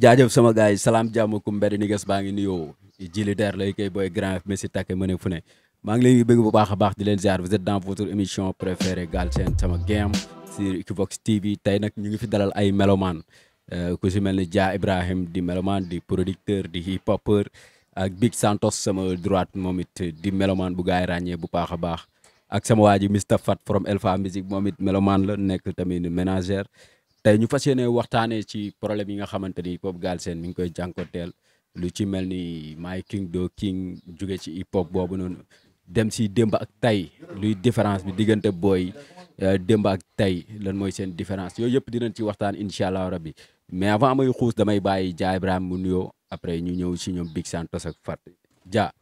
jaajëf sama gars yi salaam jàmm ku mbedd ni ges baa ngi nuyoo jili der lay koy booy grand mais si takke më ne fu ne maa ngi leen di bëgg bu baax a baax di leen ziar vous êtes dans votre émission préférée Galsen sama game sur Equivox TV tey nag ñu ngi fi dalal ay melomaan euh, ku si mel ni Dia Ibrahim di melomaan di producteur di hip hopper ak Big Santos sama droite moom it di melomaan bu gaay yi ràññee bu baax a baax ak sama waa ji Mr Fat from Elfa moom it melomaan la nekk tamit ménagère tey ñu fas yéene waxtaanee ci problème yi nga xamante ni hip hop seen mi ngi koy jànkonteel lu ci mel ni My King Do King jóge ci hip hop boobu noonu dem si démb ak tey luy différence bi diggante booy euh, démb ak tey lan mooy seen différence yooyu yëpp dinañ ci waxtaan incha allah rabbi mais avant amay xuus damay bàyyi Dia Ibrahima mu nuyoo après ñu ñëw si ñoom Big Santos ak Fat jaa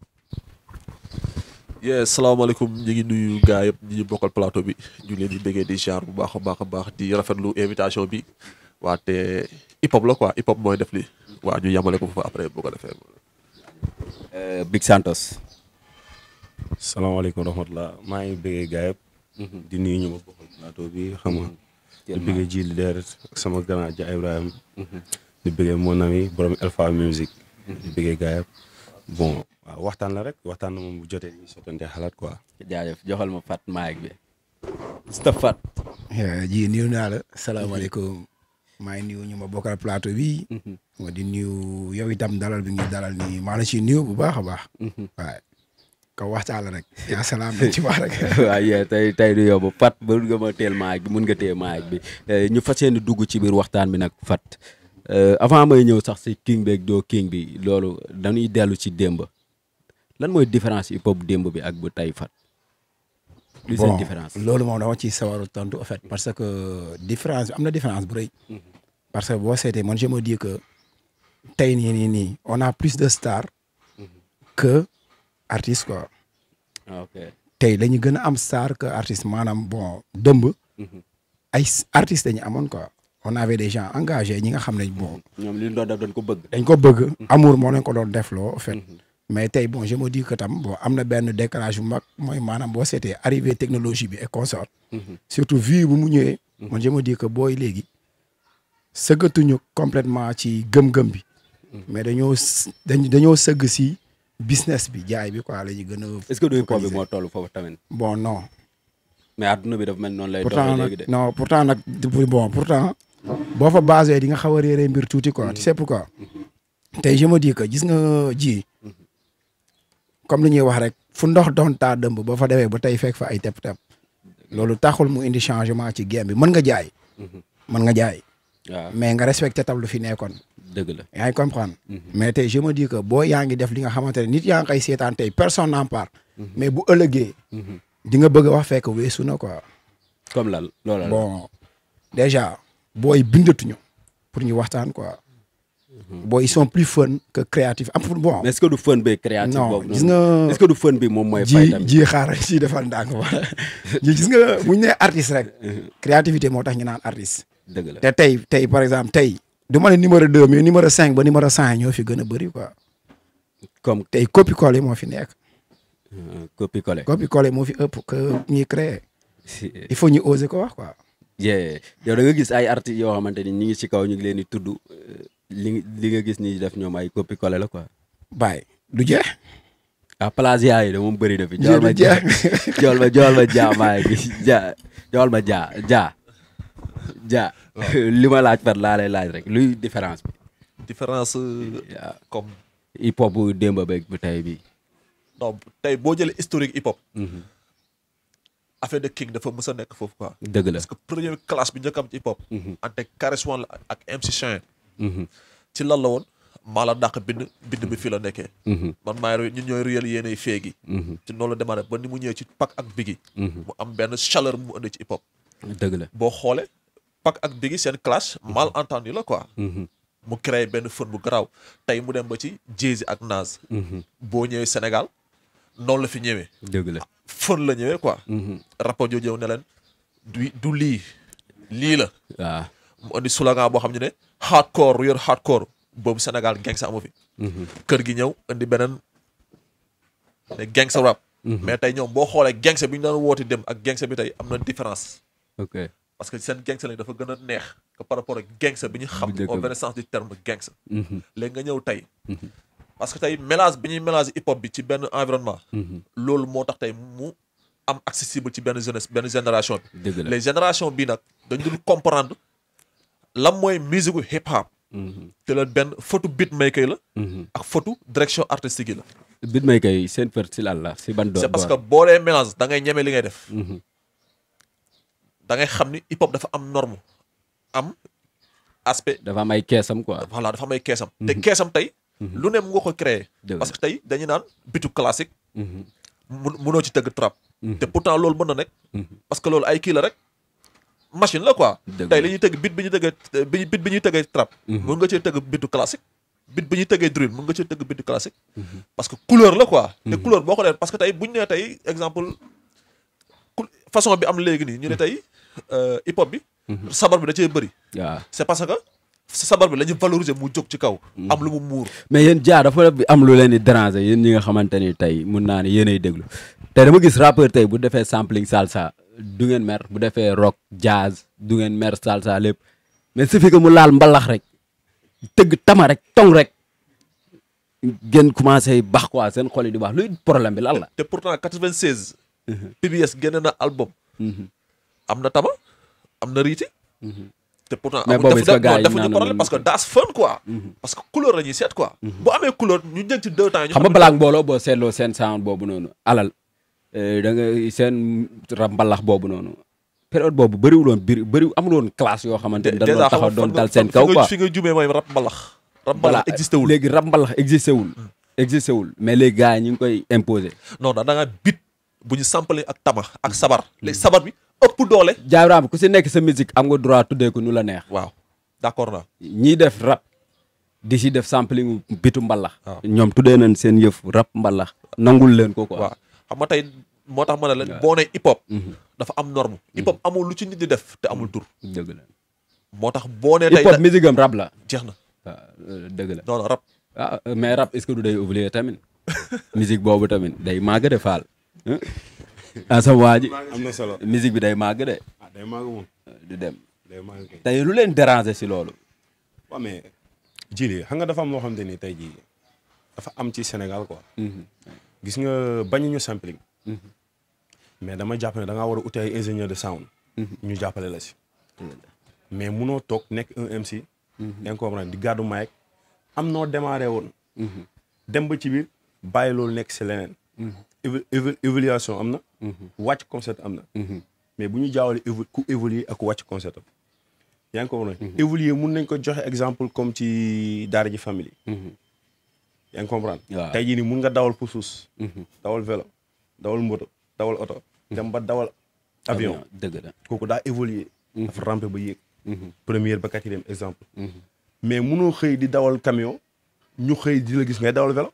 yee salaamaaleykum ñu ngi nuyu gaa yëpp ñu bokkal plateau bi ñu leen di bëggee di jaar bu baax a baax a baax di rafetlu invitation bi waa te hip hop la quoi hip hop mooy def li waa ñu yamale ko fa après boo ko defee. Euh, Big Santos. salaamaaleykum wa rahmatulah maa ngi bëggee gaa yëpp. Mhm. di nuyu ñu ma bi xam nga. di ji sama grand ja Ibrahima. Mhm. di bëggee mon ami borom Alpha Music. Mhm. di bëggee gaa waaw waxtaan la rek waxtaan mu moom bu jotee ñu sottante xalaat quoi. jaajëf joxal ma Fat Maïk bi. Mr Fat. ji nuyu naa la. salaamaaleykum. maa ngi nuyu ñu ma bokkal plateau bi. ma mhm. di nuyu yow itam dalal bi dalal nii maa la ciy bu baax a baax. Mhm. waaw waxtaan la rek. yaa salaam nañ ci wax rek. waaw yee tey tey du nga ma teel Maïk bi eh, ñu fas yéene dugg ci biir waxtaan bi nag Fat eh, avant may ñëw sax si king beeg doo king bi loolu dañuy dellu ci démb. lan mooy différence hip hop démb bi ak bu tay fat bon seen loolu moo dama ciy sawaru tontu en fait parce que différence am na différence bu rëy mhm. parce que boo seetee man je me dis que tey nii nii nii on a plus de stars mhm. que artistes quoi ah, tey la ñu gën a am star que artiste maanaam bon dëmb mhm. ay artistes dañu amoon quoi on avait des gens engagés ñi nga xam ne bon ñoom li doon def dañ ko bëgg dañ ko bëgg amour moo leen ko doon def loo en mais tey bon je me tam bon am na benn décalage bu mag mooy maanam boo seetee arriver technologie bi et consort mhm. surtout vi bu mu ñëwee. man mhm. je me dis que booy léegi sëggatuñu complètement ci gëm-gëm bi. Mhm. mais dañoo dañoo sëgg si business bi jaay bi quoi la ñu gën a. que bi moo toll foofu tamit. bon non. mais adduna bi dafa mel noonu lay. doxee léegi pourtant nag bon pourtant. boo fa basé di nga xaw a réeree mbir tuuti quoi. tu sais pourquoi. tey je me dis gis nga ji. comme li ñuy wax rek fu ndox doon taa dëmb boo fa demee ba tey fekk fa ay tepp loolu taxul mu indi changement ci game bi mën nga jaay. Mhm. mën nga jaay. mais nga respecté tam lu fi nekkoon. dëgg la yaa mhm. mais tey je me dis boo yaa ngi def li nga xamante ne nit yaa ngi koy seetaan tey personne n'en parle. Mhm. mais bu ëllëgee. di nga bëgg a wax fekk weesu na quoi. comme lal loolu bon déjà booy bindatuñu pour ñu waxtaan quoi. boo ils sont plus fun que créatif am bon. mais est ce que du fun bi créatif. nga est ce que bi moom mooy. fay tamit ji ji xaaral ji gis nga bu ñu nee artiste rek. créativité moo tax ñu naan artiste. dëgg la te tey tey par exemple tey. du ma ne numéro 2 mais numéro 5 ba numéro 100 ñoo fi gën a bëri quoi. comme tey copie collé moo fi nekk. Euh, copie collé moo fi ëpp que ñuy créer. il faut ñu oser ko wax quoi. yee yow da nga gis ay artistes yoo xamante ni ñu ngi ci kaw ñu ngi leen di tudd. Euh, li li nga gis nii def ñoom ay copie collé la ko bàyyi du jeex. ah plagiat yi de moom bëri fi. jool ma ja jool ma jool ma ja maa ngi ja jool ma ja laaj par laa lay laaj rek luy différence bi. Euh, hip hop bu démb beeg bu tey bi non tey boo jëlee historique hip hop. Mhm. affaire de king dafa mës a nekk foofu quoi. dëgg la parce que première bi njëkk am ci hip hop. ante mhm. Karis One la ak MC Mm-hmm. ci lan la woon maa la dàq bind bind bi fii la nekkee mm-hmm. man maay ñun ñooy réel yéenay feegi mm-hmm. ci noonu la démarré ba ni mu ñëwee ci pak ak bigi mu am benn chaleur mu indi ci hip hop dëgg la boo xoolee pak ak bigi seen clash mal yi la quoi mu créé benn fën bu garaaw tey mu dem ba ci jay ak Nas boo ñëwee Sénégal noonu la fi ñëwee dëgg la fën la ñëwee quoi rapport jooju ne leen du du lii lii la waaw ah. mu indi slogan boo xam ne ne hardcore yor hardcore boobu Sénégal gangsta amu fi. Mhm. kër gi ñëw indi beneen ne gangsta rap. Mhm. mais tey ñoom boo xoolee gangsta bi ñu doon woote dem ak gangsta bi tey am na différence. parce que seen gangsta lañ dafa gën a neex que par rapport ak gangsta bi ñu xam. au vrai sens du terme gangsta. Mhm. léegi nga ñëw tey. parce que tey mélange bi ñuy mélange hip hop bi ci benn environnement. loolu moo tax tey mu am accessible ci benn jeunesse benn génération bi. les génération bi nag dañu dul comprendre. lan mooy musique hip hop. Mm-hmm. te la benn fotu beat maker la. ak fotu direction artistique yi la. beat may yi seen per si lan la si ban. doon parce que boo dee mélange da ngay ñeme li ngay def. Mm-hmm. da ngay xam ni hip hop dafa am norme am aspect. dafa am ay keesam quoi. voilà dafa am ay keesam. te mm-hmm. keesam tey. lu ne mu nga ko créé. parce que tey dañu naan bitu classique. mu mënoo ci tëgg trap. te pourtant loolu mën na nekk. parce que loolu ay kii la rek. machine la quoi. tey li ñuy tëgg bit bi ñuy tëggee eh, bi bit bi ñuy tëggee trap. mun mhm. nga cee tëgg bitu classique. bit bi ñuy tëggee drill mun nga cee tëgg bitu classique. Mhm. parce que couleur la quoi. te mhm. couleur boo ko leen parce que tey bu ñu nee tey exemple façon bi am léegi nii ñu ne tey euh, hip bi. sabar bi da cee bëri. waaw c'est parce que. sabar bi la ñu valoriser mu jóg ci kaw. am lu mu muur. mais yéen jaar bi am lu leen di déranger yéen ñi nga xamante ni tey mun naa ne yéenay déglu tey dama gis rappeur tey bu defee sampling salsa du ngeen bu defee rock jazz du ngeen mer salsa lépp mais su fi que mu laal mbalax rek tëgg tama rek tong rek ngeen commencé baax quoi seen xol di baax luy problème bi lan la. te pourtant 96. PBS génne na album. Mhm. am na tama am na riiti. Mhm. te pourtant amul defu defuñu problème parce que daas fun quoi. Mhm. parce que couleur la ñuy seet quoi. bu amee couleur ñu jëm ci ñu xam nga balaa mbooloo boo seetloo seen sound boobu noonu alal. Eh, da nga seen mbalax boobu noonu période boobu bëriwul woon biir bëriw amul woon classe yoo xamante ni dañ doon taxaw doon dal seen kaw quoi fi nga jumee mooy rab mbalax rab mbalax existé wul léegi rab mbalax existé wul existé wul mais léegi gars yi ñu ngi koy imposer non da nga bit bu ñu sampale ak tama ak sabar léegi sabar bi ëpp doole jaawraam ku si nekk sa musique am nga droit tuddee ko nu la neex waaw d'accord naa ñiy def rap di si def sampling bitu mbalax ñoom tuddee nañ seen yëf rap mbalax nangul leen ko quoi xam nga tey moo tax ma ne la boo nee hip hop. Mhm. dafa am norme. Mhm. hip hop amul lu ci nit di def te amul tur. dëgg moo tax boo nee. tey am rap la. jeex na waaw euh, dëgg la non non rap. Ah, euh, mais rap est-ce que du day oublier tamit musique boobu tamit day màgg de faal. ah sa am na solo musique bi day màgg de. ah day màgg moom. Euh, dem day màgg kay lu leen déranger si loolu. waaw mais jili xam nga dafa am loo xamante ni tey jii dafa am ci Sénégal quoi. Mhm. gis nga bañuñu sampling mhm. mais dama jàppale ne da ngaa war a uti ay ingénieur de sound mhm. ñu jàppale la si mais munoo toog nekk un MC mhm. incomprendre di gàddu mic am noo démarré woon dem ba ci biir bàyyi loolu nekk si leneen évaluation am na wàcc concept am na mais bu ñu jaawale ku évoluer ak wàcc concept am yaa ngi ko évoluer mun nañ ko joxe exemple comme ci daara ji famille yaa ngi waaw tey jii nii mun nga dawal pusus. Mhm. dawal vélo dawal moto dawal oto. Mhm. dem ba dawal avion dëgg la kooku daa évoluer mhm. dafa rampé ba yéeg. première ba quatrième exemple. mais munoo xëy di dawal camion ñu xëy di la gis ngay dawal vélo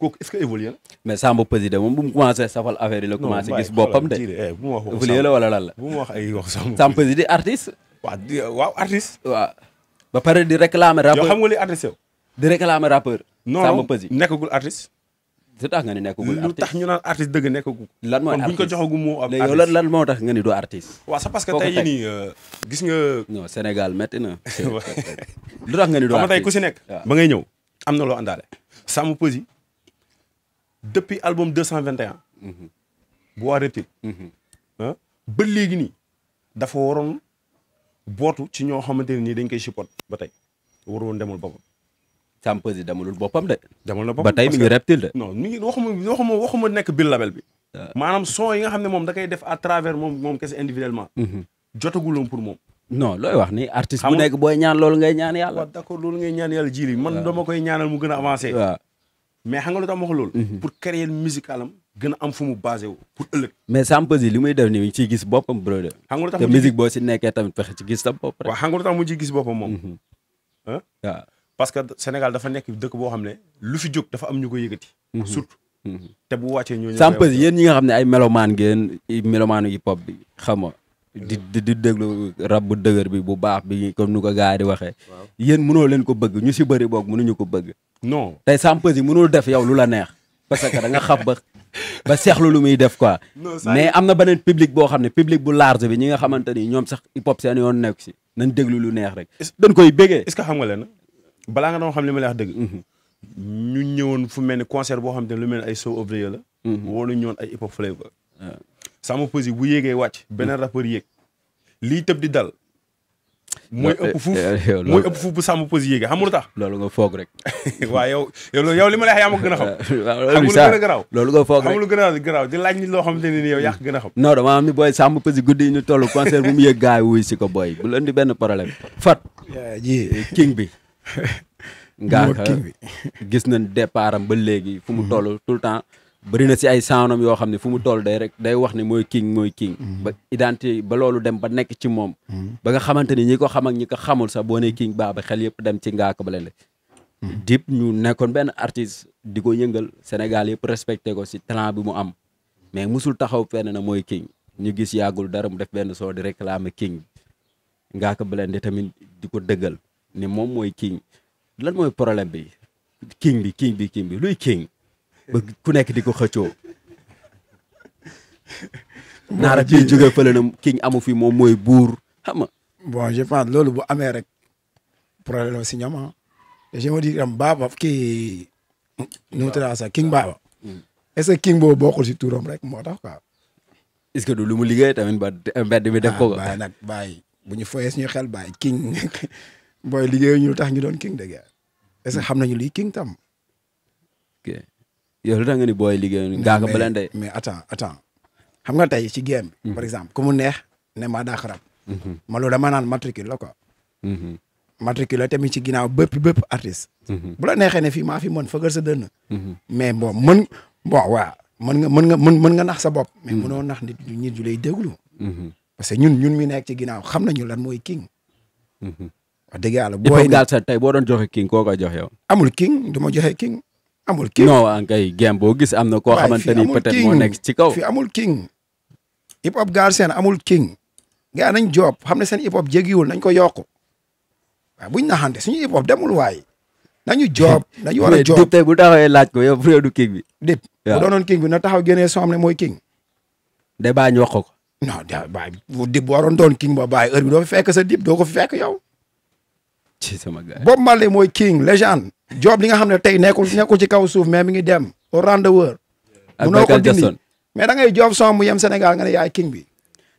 kooku est-ce que évolué na. mais Samba Peuzzi de moom bu mu commencé safal affaire yi la commencé gis boppam de. Eh, bu mu wax évolué la wala lan la. bu mu wax ay wax Samba waaw waaw artiste. ba pare di réclamer rappeur yoo xam nga li artiste di réclamer rappeur. Samba Peuzzi nekk nekkagul artiste. su tax nga ni nekk artiste lu tax ñu naan artiste dëgg nekkagul. lan mooy artiste kon bu lan lan moo tax nga ni du artiste. waaw c'est parce euh, gis nga. non Sénégal métti na. lu tax nga ni du artiste tey ku si nekk. ba ngay ñëw am na loo àndaale. Samba Peuzzi depuis album 221. Mhm. bu waa Reptile. Mhm. Ah, ba léegi nii dafa waroon bootu ci ñoo xamante ne nii dañ koy support ba tey waroon demul boppam. Shampeuz demulul boppam de. demul na boppam ba tey mi ngi reptile de. non mi nekk biir label bi. Ah. maanaam son nga xam ne moom da koy def à travers moom moom kese individuellement. Mhm. jotaguloon pour moom. non looy wax ni artiste bu nekk booy ñaan loolu ngay ñaan yàlla. waaw loolu ngay ñaan yàlla jiili man dama koy ñaanal mu gën a avancé. waaw mais xam nga lu tax ma wax loolu. Mhm. pour gën a am fu mu basé wu ëllëg. mais Shampeuz yi li muy def nii ñu ciy gis boppam brother. xam nga lu tax te musique boppam moom. Mhm. parce que Sénégal dafa nekk dëkk boo xam ne lu fi jóg dafa am ñu ko yëkkati. Mhm. surtout mhm. te bu wàccee ñooñu. Sampez yéen ñi nga xam ne ay melomaan ngeen melomaanu hip hop bi xam nga di di déglu rab bu dëgër bi bu baax bi comme nu ko gars yi di waxee. yéen mënoo leen ko bëgg ñu si bëri boog mënuñu ko bëgg. non tey Sampez yi mënul def yow lu la neex parce que da nga xam ba. ba seexlu lu muy def quoi. mais am na beneen public boo xam ne public bu large bi ñi nga xamante ni ñoom sax hip hop seen yoon nekk si. nañ déglu lu neex rek. dañ koy bégee. est ce que xam nga leen balaa nga doon xam li ma lay wax dëgg. Mhm. ñu ñëwoon fu mel ni concert boo xam te ne lu mel ni ay show ouvrier la. Mhm. wóolu ñëwoon ay hip hop flavor. sama posi bu yéegee wàcc. beneen mhm. rappeur yéeg lii tëb di dal. mooy ëpp fuuf eh, eh, ëpp fuuf bu sàmm pause yéegi xam nga tax. loolu nga foog rek. waaw yow yow li ma a xam. xam a garaaw loolu nga foog rek xam lu gën a garaaw di laaj nit loo xamante ne ni yow yaa am ni booy sàmm pause guddi yi ñu toll concert bu mu yëg gaay wuy si ko booy bu leen benn problème. Fat. ji king bi. ngaaka gis nañ départ ba léegi fu mu mm-hmm. toll tout le temps bëri na si ay saanam yoo xam ne fu mu toll day rek day wax ni mooy king mooy king mm-hmm. ba identité ba loolu dem ba nekk ci moom mm-hmm. ba nga xamante ni ñi ko xam ak ñi ko xamul sa bone ne king baaba xel yëpp dem ci ngaaka ba leen dip ñu nekkoon benn artiste di ko yëngal Sénégal yëpp respecté ko si talent bi mu am mais musul taxaw fenn na mooy king ñu gis yàggul dara mu def benn soo di réclamer king ngaaka ba leen di tamit di ko dëggal ni moom mooy king lan mooy problème bi king bi king bi king bi luy king ba ku nekk di ko xëccoo naara bi jóge fële na king amu fi moom mooy buur xam nga bon loolu bu amee rek problème la si ñoom ah je me dis tam baaba kii nu mu tudd sax baaba mm. est-ce que king boobu bokkul si turam rek moo tax quoi est lu mu liggéey tamit ba mbedd mi def ko ko ah, bàyyi nag bàyyi bu ñu foyee suñu xel bàyyi booy liggéey ñu tax ñu doon king de guerre est ce que xam nañu lii king tam. ok yow lu tax nga ni booy liggéey nga ko blende mais attends attends xam nga tey ci game bi. Mhm. par exemple ku mu neex ne maa daa xarab. Mhm. ma loolu dama naan matricule la quoi. Mhm. matricule la tamit ci ginnaaw bépp bépp artiste. bu la neexee ne fii maa fi mën fëgal sa dënn. mais bon mën bon waaw mën nga mën nga mën mën nga nax sa bopp. mais mënoo nax nit nit ñu lay déglu. parce que ñun ñun mi nekk ci ginnaaw xam nañu lan mooy king. wax dëgg yàlla. booy daal tey boo doon joxe king koo koy joxe yow. amul king du ma joxe king. amul king non kay game boo gis am na koo xamante ni peut-être moo nekk ci kaw. fi amul king hip hop Galsen amul king. gaa nañ job xam ne seen hip hop jéggiwul nañ ko yokku waaw buñ naxante suñu hip hop demul waaye nañu job nañu war a job tey bu taxawee laaj ko yow réew bi. dépp bu doonoon king bi na taxaw génnee soo xam ne mooy king. de baa ñu wax ko. non de baa bu dib waroon doon king ba bàyyi heure bi doo fi sa dib doo ko fi fekk yow. ci sama gars Bob Marley mooy king légende. Job li nga xam ne tey nekkul nekkul ci kaw suuf mais mi ngi dem au rendez-vous. ak Michael Jackson mais Job son mu yem Sénégal nga ne yaay king bi.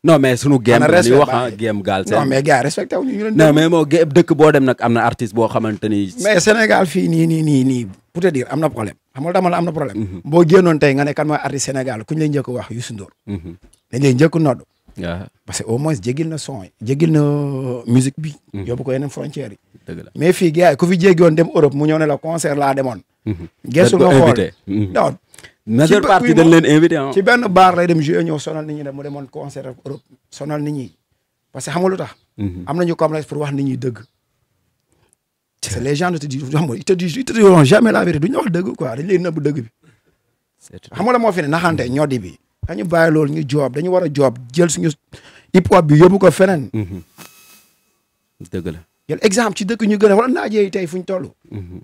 non mais sunu game li wax ah game gaal seen non mais gars respecté wu ñu ñu leen non mais boo dem nag am na artiste boo xamante ni. mais nii nii nii nii pour am na problème xam nga dama la am na problème. Mhm. boo génnoon tey nga ne kan mooy artiste Sénégal ku ñu lay njëkk wax Youssou Ndour. Mhm. dañ waaw parce que au moins jégil na son yi jégil na euh, musique bi. Mm-hmm. yóbbu ko yeneen frontières yi. dëgg la mais fii gars ku fi jéggi woon dem Europe mu ñëw ne concert laa demoon. Mm-hmm. gesul nga xool mm-hmm. non. majeure partie dañ leen invité ah. ci benn baar lay dem jouer ñëw sonal nit ñi ne mu demoon concert Europe sonal nit ñi parce xam nga lu tax. am nañu complexe pour wax nit ñi dëgg. c'est les gens ne te disent xam nga ils te disent ils te diront jamais la dañ leen nëbb dëgg bi. c'est xam nga la moo fi ne naxante di bi. dañu bàyyi loolu ñu joob dañu war a joob jël suñu hip bi yóbbu ko feneen. Mm-hmm. dëgg la jël exemple ci dëkk ñu gën a wala naajee yi tey fu ñu toll. Mm-hmm.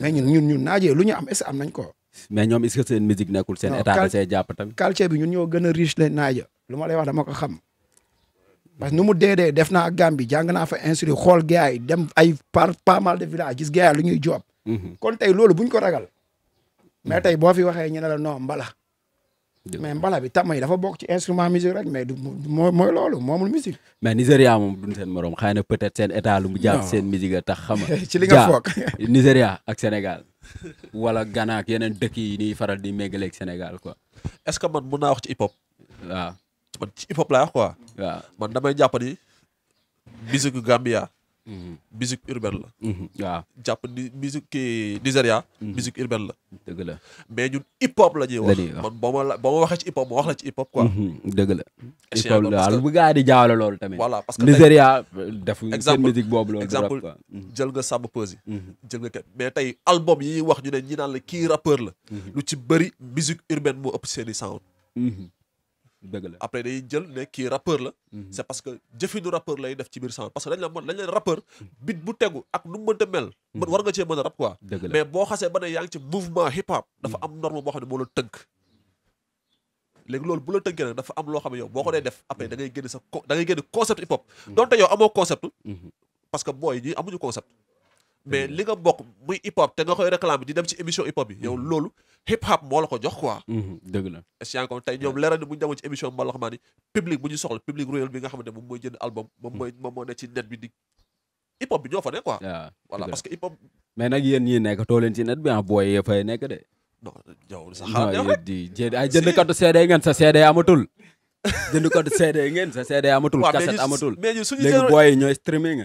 mais ñun ñun ñun naajee lu ñu am est-ce am nañ ko. mais ñoom est-ce que seen musique nekkul seen état da see jàpp bi ñun ñoo gën a riche leen lu ma lay wax dama ko xam. parce que nu mu dee dee def naa ak Gambie jàng naa fa instruire xool gars dem ay par pas mal de village gis gars lu ñuy joob. Mm-hmm. kon tey loolu buñ ko ragal. mais tey boo fi waxee ñu ne la non mbala. mais mbala bi tama yi dafa bokk ci instrument musique rek mais du mooy mooy loolu moomul musique. mais Nigéria moom duñ seen moroom xëy na peut être seen état lu mu jàpp seen musique a tax xam ci li nga foog ak Sénégal wala Ghana ak yeneen dëkk yi ñuy faral di méngaleeg Sénégal quoi. est ce que man mun naa wax ci hip hop. waaw man ci hip hop laa wax quoi. man damay jàpp ni Gambia. Mhm. musique urbaine la. Mhm. waaw jàpp di musique kii Nigeria. Mhm. musique urbaine la. dëgg la mais ñun hip hop la ñuy wax. man boo la boo waxee ci hip hop ma wax la ci hip hop quoi. dëgg hip hop la bu gaa di jaawale loolu tamit. voilà parce que Nigeria defu seen musique boobu loolu. exemple jël nga Samba Peuzzi. jël nga kat mais tey album yi wax ñu ne ñi naan la kii rappeur la. lu ci bëri musique urbaine moo ëpp seen sound. dëgg la après day jël ne kii rappeur la. Mhm. c' est parce que jëfinu rappeur lay def ci biir sens parce que dañ la mën dañ la rappeur. Mhm. bit bu tegu ak nu mënta mel. Mhm. war nga cee mën a rap mais boo xasee ba ne yaa ngi ci mouvement hip hop. dafa am norme boo xam ne moo la tënk. léegi loolu bu la tënkee nag dafa am loo xam ne yow boo ko dee def après da ngay génn sa da ngay génn concept hip hop. donte yow amoo concept. parce que booy ñi amuñu concept. mais li nga bokk muy hip hop te nga koy réclamer di dem ci émission hip hop yi yow loolu. hip hop moo la ko jox quoi. Mhm, dëgg la est ñoom leeral ni bu ñu demoon ci émission bi ma la xamante ni public bu ñu soxla public royal bi nga xamante ne moom mooy jënd album. moom mhm. mooy moom moo net bi di hip hop bi ñoo fa ah, nekk too leen ci net bi ah booy yee fay nekk de. sa xalaat yow rek di jënd ay jëndkatu CD sa CD amatul. jënd ko CD sa CD amatul. cassette amatul mais ñu suñu léegi booy yi ñooy streaming.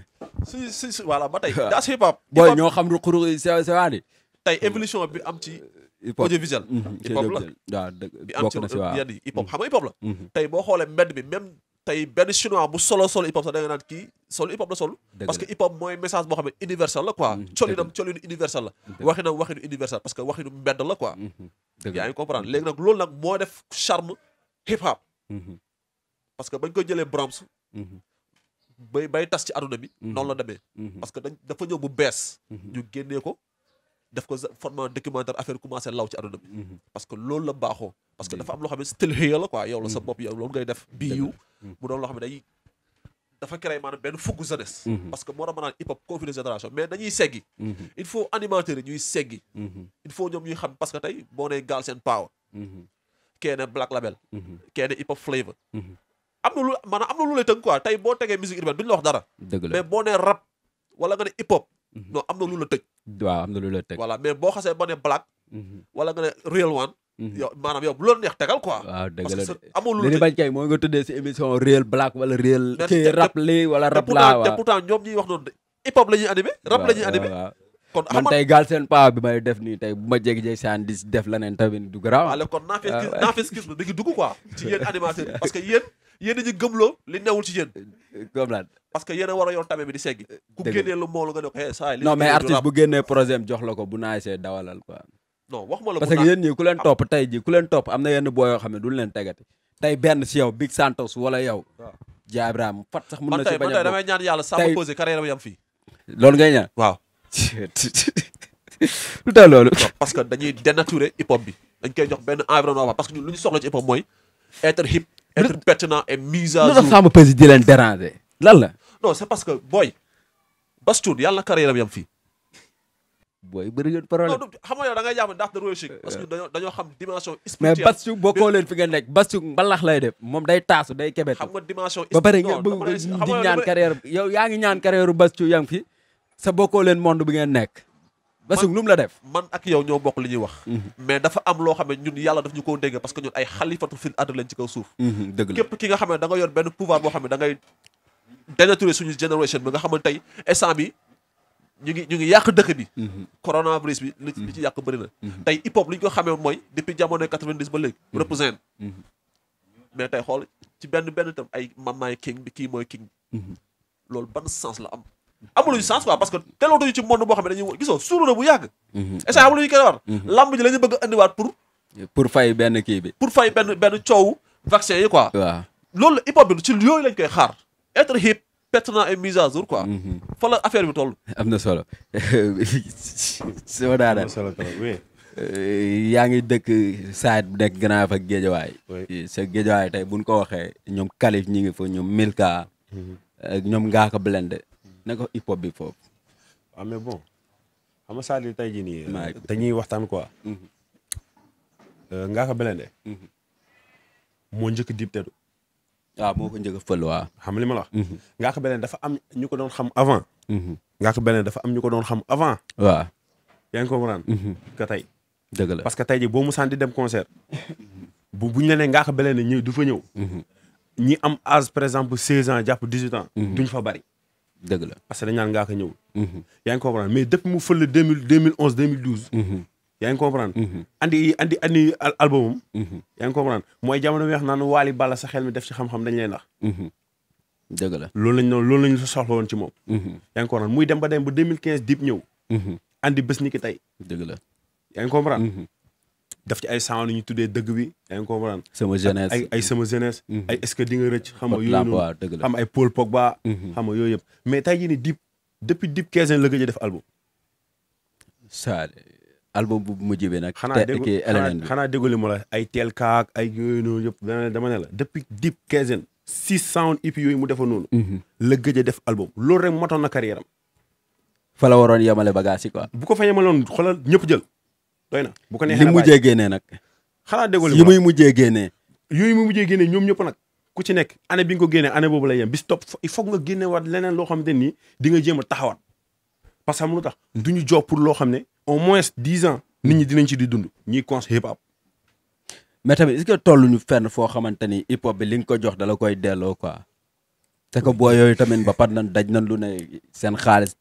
suñu suñu voilà ba tey. sa bi am hip hop mhm. la waaw am ci yenn yi hip hop mhm. xam hip hop la mhm. tey boo xoolee mbedd bi même tey benn chinois bu solo solo hip hop sax da nga naan kii solo hip hop la sol parce que hip hop mooy message boo xam ne la quoi colinam colinu la waxinam waxinu universel parce que waxinu mbedd la quoi yaa ngi comprendre léegi nag loolu nag moo def charme hip hop parce que bañ ko jëlee Brahms bay bay tas ci àdduna bi noonu la demee parce que dafa ñëw bu def ko format documentaire affaire commencé law ci àdduna bi mhm. parce que loolu la baaxoo parce que dafa am loo xam ne style xëya la quoi yow la sa mhm. bopp yow loolu ngay def bii yu mhm. mu doon loo xam ne day dafa créé maanaam benn fukk jeunesse parce que moo tax ma naan hip hop conflit de génération mais dañuy seggi il faut animateurs yi ñuy seggi il faut ñoom ñuy xam parce que tey boo nee gaal seen power kee ne black label kee ne hip hop flavor am na lu maanaam am na lu lay tënk quoi tey boo tegee musique urbaine duñ la wax dara mais boo nee rap wala nga ne hip hop Mhm. non am na lu la tëj. waaw am na lu la tëj. voilà mais boo xasee ba ne black. Mhm. wala nga ne real one. Mhm. yow maanaam yow bu loolu neex tegal quoi. waaw dëgg la de lu bañ kay moo nga tuddee si émission réel black wala réel. kii rap lii wala rab laa waaw te pourtant ñoom ñuy wax noonu hip la ñuy animé. rap la ñuy kon xam man tey gaal seen paa bi may def nii tey bu ma jéggi jéggi saan di def leneen tamit du garaaw. waaw kon naa fees ah, naa fees gis dañuy dugg quoi. ci yéen animateur parce que yéen yéen dañuy gëmloo li newul ci yéen. comme lan parce que yéen a war a yor tabe bi di seggi. Euh, ku génnee lu moolu nga ne ko eh saa bu génnee projet am jox la ko bu naay see dawalal quoi. wax ma la parce que yéen ñii ku leen ah. topp tey jii ku leen topp am na yenn boo yoo xam ne duñ leen tegati a. ma yam lu tax loolu. parce que dañuy dénaturer hip hop bi dañ koy jox benn environnement parce que lu ñu soxla ci hip hop mooy être hip. être pertinent et mise à jour. lu tax Pesi di leen déranger lan la. non c'est parce que booy Bastoun yàlla na carrière yam fii. booy bëri ngeen problème non xam nga yow da ngay jàpp ndax dañoo chic. que dañoo dañoo xam dimension. spirituelle mais Bastoun bokkoo leen fi nga nekk Bastoun mbalax lay def moom day taasu day kebet. ba pare nga bëgg di ñaan yaa ngi ñaan carrière Bastoun yam fii. sa bokkoo leen monde bi ngeen nekk. Bassoum lu mu la def man ak yow ñoo bokk li ñuy wax. Mhm. mais dafa am loo xam ne ñun yàlla daf ñu ko dégg parce que ñun ay xalifatu fil ard lañ ci kaw suuf. Mhm, képp ki nga xam ne da nga yor benn pouvoir boo xam ne da ngay dénaturer suñu génération bi nga xamante tey instant bi ñu ngi ñu ngi yàq dëkk bi. Mhm. coronavirus bi li ci yàq bëri na. tey hip hop li ñu ko xamee mooy depuis jamonoy 90 ba léegi. represent mais tey xool ci benn benn itam ay man maay bi kii mooy king loolu ban sens la am. amuluñu chance quoi parce que teelootuñu ci monde boo xam ne dañuy gisoo suulu na bu yàgg mhm. esa amuluñu kenn war mhm. lamb ji la bëgg a andiwaat pour pour fay benn kii bi pour fay benn benn coow vaccin yi quoi loolu hip hop bi ci yooyu lañ koy xaar être hip pertinent a mise à jour quoi mhm. fa la affaire bi toll am na solo soo daana solo euh, yaa ngi dëkk saat nekk Grand ak Géejawaay sa Géejawaay tey buñ ko waxee ñoom Kalif ñi ngi fa ñoom Milka ak ñoom Ngaaka Blindé nekk hip hop bi foofu. waaw ah, mais bon xam nga Sadio tey jii nii. te ñuy waxtaan quoi. Euh, Ngaaka Blindé. moo njëkk Dip Doundou. waaw ah, moo ko njëkk a fël waaw. xam nga li ma la wax. Mhm. Ngaaka Blindé dafa am ñu ko doon xam avant. Mhm. Ngaaka Blindé dafa ñu ko doon xam avant. waaw. yaa ngi comprendre. Mhm. que tey. dëgg la parce que tey jii boo musaan di dem concert. bu bu ñu la nee Ngaaka Blindé ñëw du fa ñëw. ñi am âge par exemple seize ans jàpp dix huit ans. duñ fa bari. dëgg la parce que dañ naan ngaa ko ñëwul. Mhm. yaa ngi comprendre mais depuis mu fële deux mille deux mille onze deux mille douze. Mhm. yaa ngi comprendre. Mhm. andi andi andi yaa ngi comprendre mooy jamono weex wax naan Waly bala sa xel mi def ci xam-xam dañ lay nax. dëgg la loolu lañ loolu lañ soxla woon ci moom. yaa ngi comprendre muy dem ba dem ba deux mille quinze dib ñëw. andi bés ni ki dëgg la yaa ngi comprendre. def ci ay sang lu ñu tuddee dëgg bi yaa ngi comprendre sama jeunesse ay sama jeunesse mm-hmm. ay est-ce que di nga rëcc xam nga yooyu noonu xam ay Paul Pogba mm-hmm. xam nga yooyu yëpp mais tey jii ni Dip depuis Dip quinze la gëj a def album saal album bu mujj nag xanaa dégg xanaa déggu ma la ay teel kaak ay yooyu yëpp dama ne la depuis Dip quinze ans six sound EP yooyu mu defoon noonu mm-hmm. la gëj a def album loolu rek motoon na carrière am fa la waroon yemale bagage yi quoi bu ko fa yemaloon xoolal ñëpp jël doy na bu ko neexee li mujjee génnee nag. xanaa déggoo li muy mujjee génnee. yooyu muy mujjee génnee ñoom ñëpp nag ku ci nekk année bi nga ko génnee année boobu lay yem bis topp il faut nga génneewaat leneen loo xamante ni di nga jéem a taxawaat parce que am lu tax du ñu jox pour loo xam ne au moins dix ans nit ñi dinañ ci di dund ñuy cons hip hop. mais tamit est-ce que tolluñu fenn foo xamante ni hip bi li nga ko jox dala koy delloo quoi. te que boo yooyu tamit ba pat na daj na lu ne seen xaalis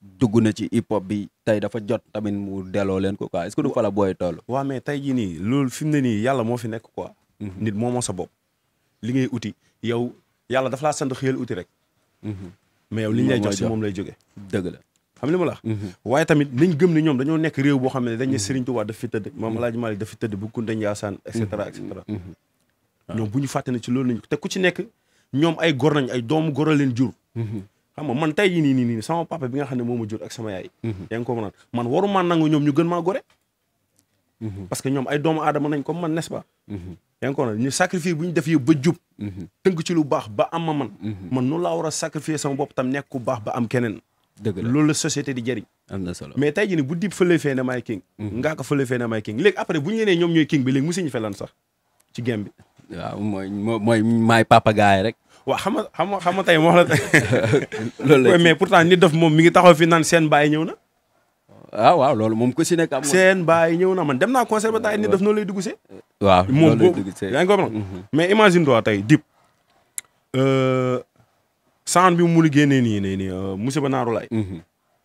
dugg na ci hip bi tey dafa jot tamit mu delloo leen ko quoi est-ce que du fa la booy toll. waaw mais tey jii nii loolu fi mu ne nii yàlla moo fi nekk ko mhm. nit moo moo sa bopp. li ngay uti yow yàlla dafa laa sant xëyal uti rek. Mhm. mais yow si moom lay jóge dëgg la xam li ma la mhm. waaye tamit nañ gëm ne ñoom dañoo nekk réew boo xam ne dañ ne Serigne Touba daf fi tëdd maam El Hadj Malick daf fi tëdd bu Kunta Ndiassane et cetera et ñoom ah. bu ñu fàtte ne ci loolu nañ te ku ci nekk ñoom ay gor nañ ay doomu gor a leen jur xam nga man tey jii nii nii nii sama papa bi nga xam ne moo ma jur ak sama yaay. Mhm. yaa ngi ko man waruma nangu ñoom ñu gën maa gore. Mhm. parce que ñoom ay doomu adama nañ comme man n'est-ce pas. Mhm. yaa ngi ko mën ñu sacrifice bu ñu def yëpp ba jub. tënk ci lu baax ba am ma man. man noonu laa war a sacrifier sama bopp tam nekk ku baax ba am keneen. dëgg la loolu la société di jëriñ. am na solo mais tey jii nii bu dib fële fee ne maay king. ngaa ko fële ne maay king léegi après bu ñu nee ñoom ñooy king bi léegi musuñu felan sax ci game bi. waaw mooy mooy maay papa gaay rek waa xam nga xam nga xam nga tey moo la loolu la mais pourtant nit dof moom mi ngi taxaw fi naan seen baay ñëw na. ah waaw loolu moom ku si nekk am seen baay ñëw na man dem naa concert ba taa nit dof noonu lay dugg see. waaw moom boobu yaa ngi comprendre mhm. mais imagine toi tey Dip. Euh, saan bi mu mën a génnee nii nii nii euh, monsieur Banaaru Laay. Mhm.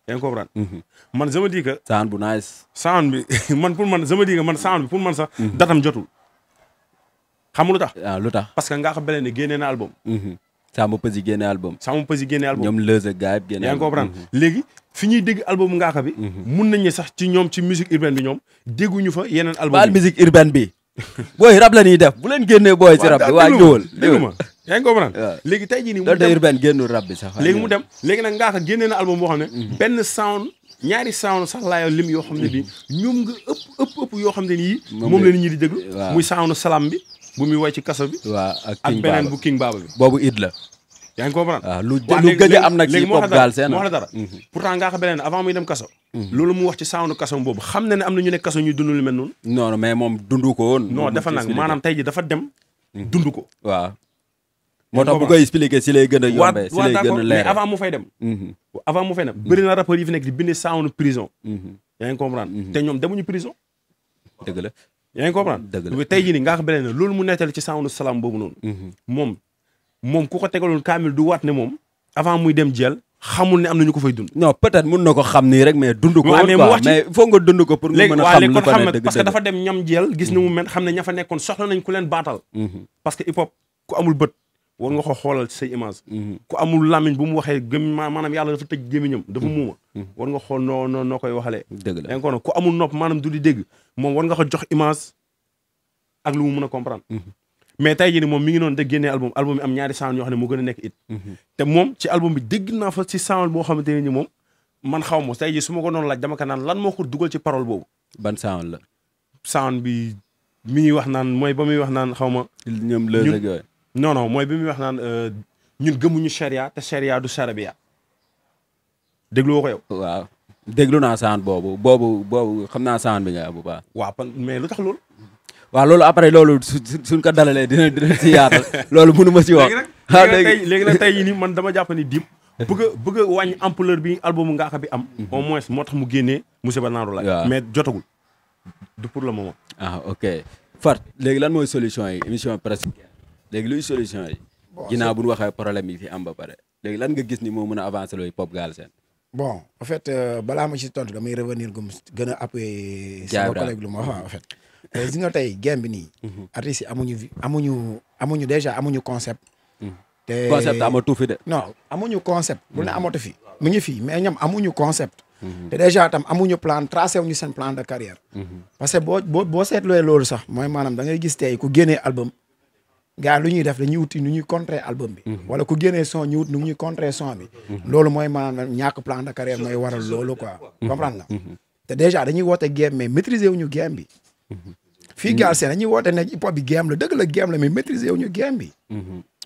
yaa ngi comprendre. Mhm. man je me dis que. saan bi man pour man je me man saan bi pour man sax. datam jotul. xamulu tax ah, lu tax parce que nga xam belee ne génnee na album mhm. Samba Peuzzi génne album Samba Peuzzi génne album ñoom Leuze gaay génne yaa album mhm. mhm. nañ ne sax ci ñoom ci bi ñoom dégguñu fa yeneen album baal musique urbaine bi booy rap la ñuy def bu leen génnee booy si rap bi waa ñëwal déglu ma yaa ngi comprendre léegi tey jii nii bi sax léegi mu dem léegi nag ngaaka génnee na album boo xam ne benn sound ñaari sound sax laayo lim yoo xam ne bi ñoom nga ëpp ëpp ëpp yoo xam ne nii moom leen ñi di déglu muy sound salam bi bu muy woy ci kaso bi. waaw ak beneen bu king baaba bi. boobu it la. yaa ngi comprendre. waaw lu lu gëj a am nag. léegi moo xam dara mm-hmm. pourtant ngaa xam beneen avant muy dem kaso. Mm-hmm. loolu mu wax ci sound kaso boobu xam ne ne am na ñu ne kaso ñuy dund lu mel noonu. mais moom dundu ko woon. non dafa nag maanaam tey ji dafa dem. Mm-hmm. dund ko waaw. moo tax bu koy expliquer si lay gën a yombee si lay gën a leer mais avant mu fay dem. avant mu fay na rapport yi fi nekk di bind sound prison. yaa ngi comprendre te ñoom demuñu prison. la yaa ngi comprendre dëgg tey jii nga xam beneen loolu mu nettali ci sawnu salaam boobu noonu. Mhm. moom moom ku ko tegaloon kaamil du waat ne moom. avant muy dem jël xamul ne am na ñu ko fay dund. non peut-être mun na ko xam nii rek mais. dund ko woon quoi nga dund ko pour. nga mën a xam lu ko ne dëgg parce que mhm. fa nekkoon soxla nañ ku leen baatal. Mhm. parce que hip hop ku amul bët. war nga ko xoolal ci say image mhm. ku amul làmmiñ bu mu waxee gëm maanaam yàlla dafa tëj gémmiñam dafa mhm. muuma mhm. war nga xool noo noo noo koy waxalee dëgg la ko ku amul nopp maanaam du di dégg moom war nga ko jox image ak lu mu mën a comprendre tey jii ni moom mi ngi noonu de génnee album album bi am ñaari sound yoo xam ne moo gën a nekk it te moom ci album bi dégg naa fa ci sound boo xamante ne ni moom man xaw ma tey jii su ma ko noon laaj dama ko naan lan moo ko dugal ci parole boobu ban sound la sound bi mi ngi wax naan mooy ba muy wax naan xaw ma ñoom lëg yooyu non mooy bi muy wax naan euh, ñun gëmuñu charia te charia du sarabiya dégluwoo ko yow. waaw déglu naa saan boobu boobu boobu xam naa saan bi nga bu baax. waaw pan mais lu tax loolu. waaw loolu après loolu ko dalalee dina dina si yaatal loolu mënu ma si wax. ah léegi léegi nag tey nii man dama jàpp ni Dip. bëgg bëgg a wàññi ampleur bi album Ngaaka bi am. Mhm. au moins moo tax mu génnee musiba naaru la. mais jotagul du pour le moment. ah ok Fat léegi lan mooy solution yi émission presque. léegi luy solution yi. bon ginnaaw bu ñu waxee problème yi fi am ba pare. léegi lan nga gis ni moo mën a avancer looy Pape Galsen. bon en fait euh, balaa a appuyer. sama collègue lu ma wax en fait. Euh, gis nga mhm. amuñu déjà amuñu concept. Mhm. te concept amuñu concept. Mhm. mu fi mais ñoom amuñu concept. te déjà tam amuñu plan de carrière. parce boo boo boo seetloo loolu mooy maanaam da ngay tey ku génnee album. gaa lu ñuy def dañuy wuti nu ñuy contrer album bi. Mhm. wala ku génnee son ñu wut nu ñuy contre son bi. Mhm. loolu mooy maanaam ñàkk plan de carrière mooy waral loolu quoi. Mhm. comprendre nga. te déjà dañuy woote game mais maîtriser wuñu game bi. fii Galsen dañuy woote ne hip hop bi game la dëgg la game la mais maîtriser wuñu game bi.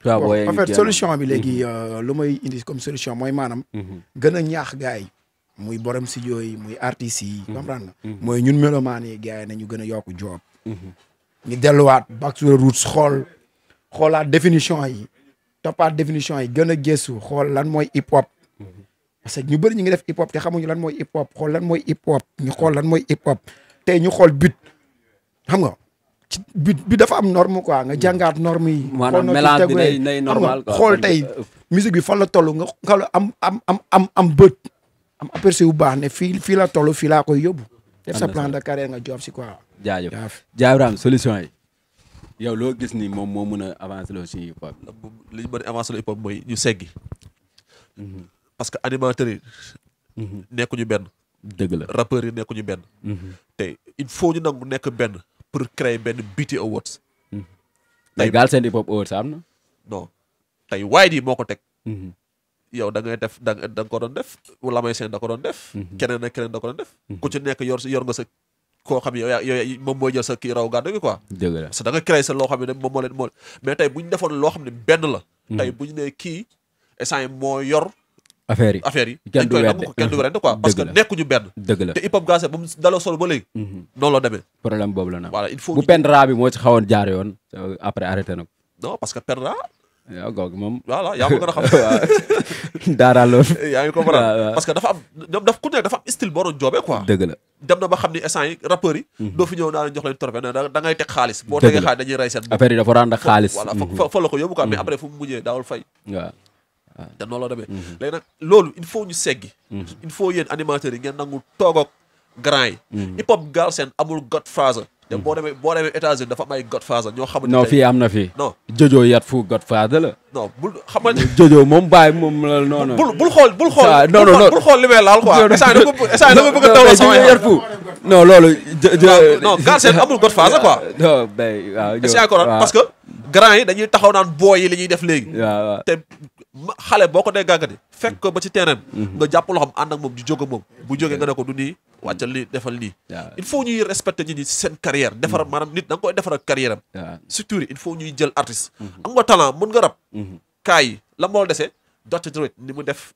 waaw booy ah, solution bi léegi euh, lu may indi comme solution mooy maanaam. gën a ñaax gars yi. muy borom studio yi muy artistes yi. comprendre nga. mooy ñun mélomanes yi gars yi nañu gën a yokk job ñu delluwaat back to the roots xool. xoolaat définition yi toppaat définition yi gën a gëstu xool lan mooy hip hop. parce que ñu bëri ñu ngi def hip hop te xamuñu lan mooy hip xool lan mooy hip ñu xool lan mooy tey ñu xool but xam nga ci but bi dafa am norme quoi nga jàngaat norme yi. maanaam mélange bi day day normal quoi xool tey musique bi fan la toll nga nga am am am am am bët am aperçu bu baax ne fii fii la toll fii laa koy yóbbu. def sa plan de nga job si quoi. jaajëf jaajëf solution yi. yow loo gis ni moom moo mën a avancer loo si hip hop. li ñu mën a avancer loo hip hop mooy ñu seggi. Mhm. parce que animateurs yi. Mhm. nekkuñu benn. dëgg la rappeurs yi nekkuñu benn. Mhm. te il faut ñu nangu nekk benn pour créer benn BET Awards. tey seen Hip Hop Awards am na. tey waaye yi moo ko teg. yow da ngay def da nga ko doon def Lamine Sène da ko doon def. keneen ak keneen da ko doon def. ku ci nekk yor yor nga sa koo xam ne moom mooy jël sa kii raw gàddu gi quoi. dëgg la parce que da nga créé sa loo xam ne moom defoon loo xam ne benn la. Hmm. tey bu ñu nee kii instant moo yor. affaire affaire kenn du wedd parce que nekkuñu benn dëgg te hip hop ba mu daloo sol ba léegi hmm. noonu la demee problème boobu la na voilà il faut moo ci jaar yoon après arrêté non parce que pendra waaw googu moom. voilà yaa ma gën a xam. daara loolu. yaa ngi comprendre parce que dafa am daf ku nekk dafa am style boru dëgg la dem na ba xam ni instant yi rappeurs yi. Mhm. doo fi ñëw jox leen trophée da ngay teg xaalis. boo tegee xaalis dañuy rey seen bopp. affaire yi loolu il faut ñu seggi. Mhm. il faut yéen animateurs yi ngeen nangu toog ak grand yi. Mhm. hip hop seen amul Godfather. te boo demee boo demee États-Unis dafa am ay Godfather ñoo xamante non fii am na fi non jojo yat fu Godfather la non xam nga jojo moom bàyyi moom la noonu bul xool bul xool non xool li may laal quoi essayé dama bëgg a la sama yat fu non loolu non Galsen amul Godfather quoi non bay waaw essayé parce que grand yi dañuy taxaw naan booy yi li ñuy def léegi te xale boo ko dee gàggati fekk mm-hmm. ko ba ci terrain bi mm-hmm. nga jàpp loxoom ànd ak moom di jóg ak moom bu jógee nga ne ko du nii wàccal lii defal nii il faut ñuy respecter nit ñi seen carrière defar mm-hmm. maanaam nit da nga koy defar ak carrière am il faut ñuy jël artiste am nga talent mun nga rab kaay yi la moo desee Dr Dre ni mu def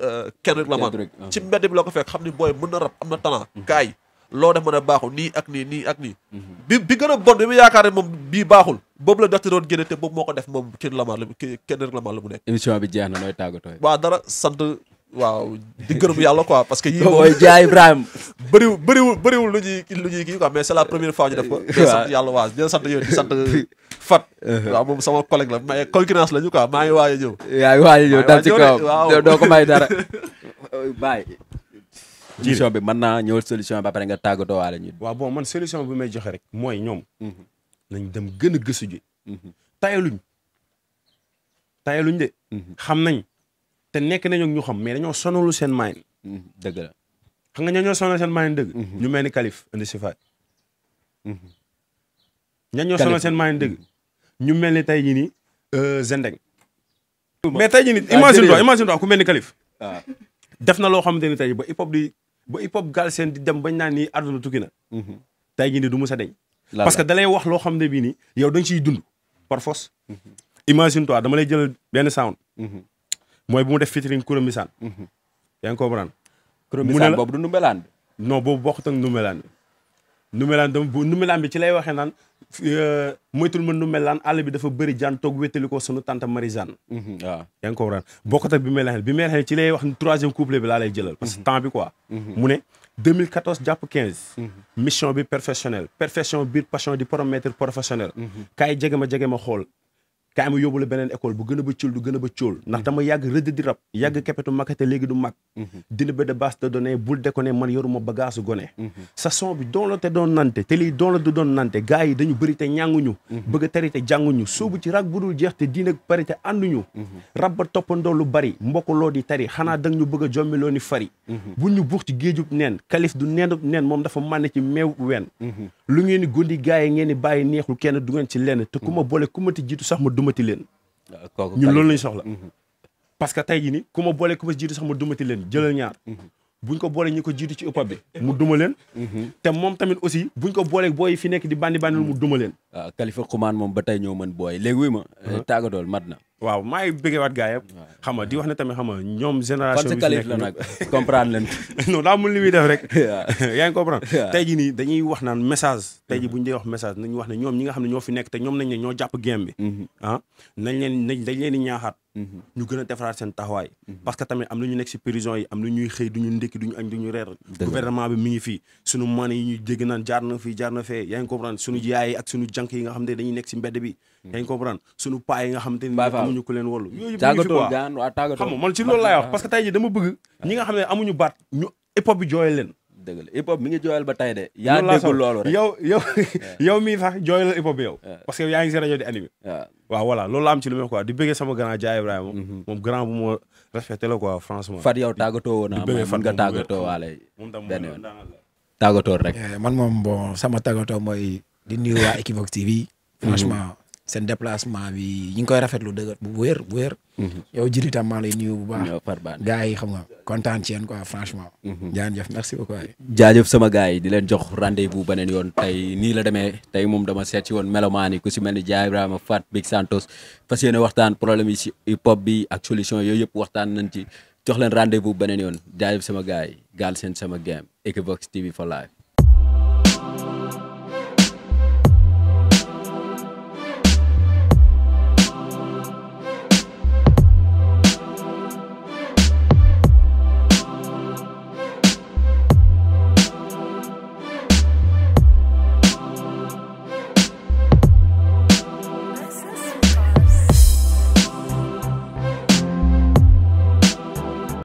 euh, Kendrick Lamar uh-huh. ci mbedd bi loo ko fekk xam ni booy mën na rab am na talent kaay loo def mën a baaxul nii ak nii nii ak nii. Mhm. bi bi gën a bon bi mu yaakaar ne moom bii baaxul boobu la docteur doon génne te boobu moo ko def moom kenn Lamar la kenn Lamar la mu nekk. émission bi jeex na nooy tàggatoo. waaw dara sant waaw di gërëm yàlla quoi parce que. yii mooy jaay Ibrahima. bëriwul bariwul bëriwul lu ñuy lu ñuy kii quoi mais c'est première fois ñu def ko. waaw di sant yàlla waaw di sant yow di sant Fat. Uh-huh. waaw moom sama collègue la mais concurrence la ñu quoi maa ngi waaj a ñëw. yaa ngi waaj a ñëw dal ci kawam doo ko may solution bi mën naa ñëwal solution ba pare nga tàggatoo waale ñu. waaw bon man solution bi may joxe rek. mooy ñoom. Mhm. nañ dem gën a gëstu ji. Mhm. tayaluñ tayaluñ de. Mhm. nañ te nekk nañu ñu xam mais dañoo sonalu seen maayin. dëgg la nga ñoo ñoo ñu mel ni Kalif indi si faay. ñoo ñoo mel ni tey jii nii euh, Zendeng. mais tey jii nii ah, imagine toi imagine ku mel ni Kalif. Ah. def na loo xamante ni tey ba hip di ba hip hop Galsen di dem bañ naan ni àdduna tukki na. Mhm. tey du mus deñ parce que da lay wax loo xam ne bii nii yow dañ ciy dund par force. Mhm. imagine toi dama lay jël benn sound. Mhm. mooy bu mu def featuring Koura Missane. yaa ngi comprendre. Koura Missane boobu du Ndoumbelane bi. non boobu bokkut ak Ndoumbelane bi. Ndoumbelane bi ci lay waxee naan Euh, moytul mën nu melaan àll bi dafa bari jaan toog wéttali sunu tante Marisane mhm, waaw yaa ngi ko waral bokkut ak bi melaxel bi melaxel ci lay wax ni troisième couplet bi laa lay jëlal parce que mhm. temps bi quoi mhm. mu ne 2014 jàpp 15 mission bi perfectionnel perfection biir passion di promettre professionnel kaay jege ma jege ma xool kaay ma yóbbu la beneen école bu gën a ba cóol du gën a ba cóol ndax dama yàgg rëdd di rab mhm. yàgg kepetu makate léegi du mag mhm. dina ba de base de données bul déconné man yoruma bagaasu gone mhm. sa son bi doon la te doon nante te lii doon la du doon nante gars yi dañu bëri te ñànguñu bëgg a tari te jànguñu soobu ci rag bu dul jeex te diina pari te ànduñu rab toppandoo lu bari mbokk di tari xanaa dang ñu bëgg a jommi ni fari bu ñu buux ci géejub neen dumati leen. Ah, ñun loolu lañ soxla. Mhm. parce que tey jii ni ku ma boole ku ma jiitu sax ma dumati leen jëlal ñaar. Mhm. buñ ko boole ñu ko jiitu ci hip hop bi mu duma leen. Mhm. te moom tamit aussi buñ ko boolee booy fi nekk di bandi bandi mu duma leen. waaw euh, Kalifa Xumaan moom ba tey ñoo mën booy léegi wuy ma. Euh, uh-huh. tàggatool mat na. waaw maa ngi bëggee waat gars yëpp. xam di wax ne tamit xam nga ñoom. génération bi Kalif wax naan message. tey jii uh-huh. bu ñu dee wax message nañu wax ne ñoom ñi nga xam ne ñoo fi nekk te ñoom nañ ne ñoo jàpp game bi. Mm-hmm. ah nañ leen nañ dañ leen di ñaaxaat. Mm-hmm. ñu gën a defaraat seen taxawaay. Mm-hmm. parce que tamit am na ñu nekk si prison na ñuy xëy du ñu ndékki du ñu añ du ñu reer. fii sunu man jaar na fee yaa ngi comprendre sunu yaay kii yi nga xam ne dañuy nekk si mbedd bi yaa ngi comprendre suñu paa yi nga xam te ne amuñu ku leen wallu yooyu tàggatoo jaan waa tàggatoo xam nga man que ji dama bëgg ñi nga xam ne amuñu baat ñu yaa ngi si rajo di animé waaw voilà loolu la am ci lu mm-hmm. fan nga tàggatoo waale benn yoon tàggatoo rek eh, man moom bon sama tàggatoo mooy di nuyu waa Equivox TV. franchement seen déplacement bi ñu ngi koy rafetlu dëgg bu weer bu wér. Mhm. yow jëli tam maa lay nuyu bu baax. gars yi xam nga kontaan ci yéen quoi franchement. Mhm. jaajëf merci beaucoup. jaajëf sama gars yi di leen jox rendez-vous beneen yoon tey nii la demee tey moom dama seet si woon melomaan yi ku si mel ni Dia Ibrahima Fat Big Santos fas yéene waxtaan problème yi si hip bi ak solution yooyu yëpp waxtaan nañ ci jox leen rendez-vous beneen yoon jaajëf sama gars yi gaal seen sama game Equivox TV for life.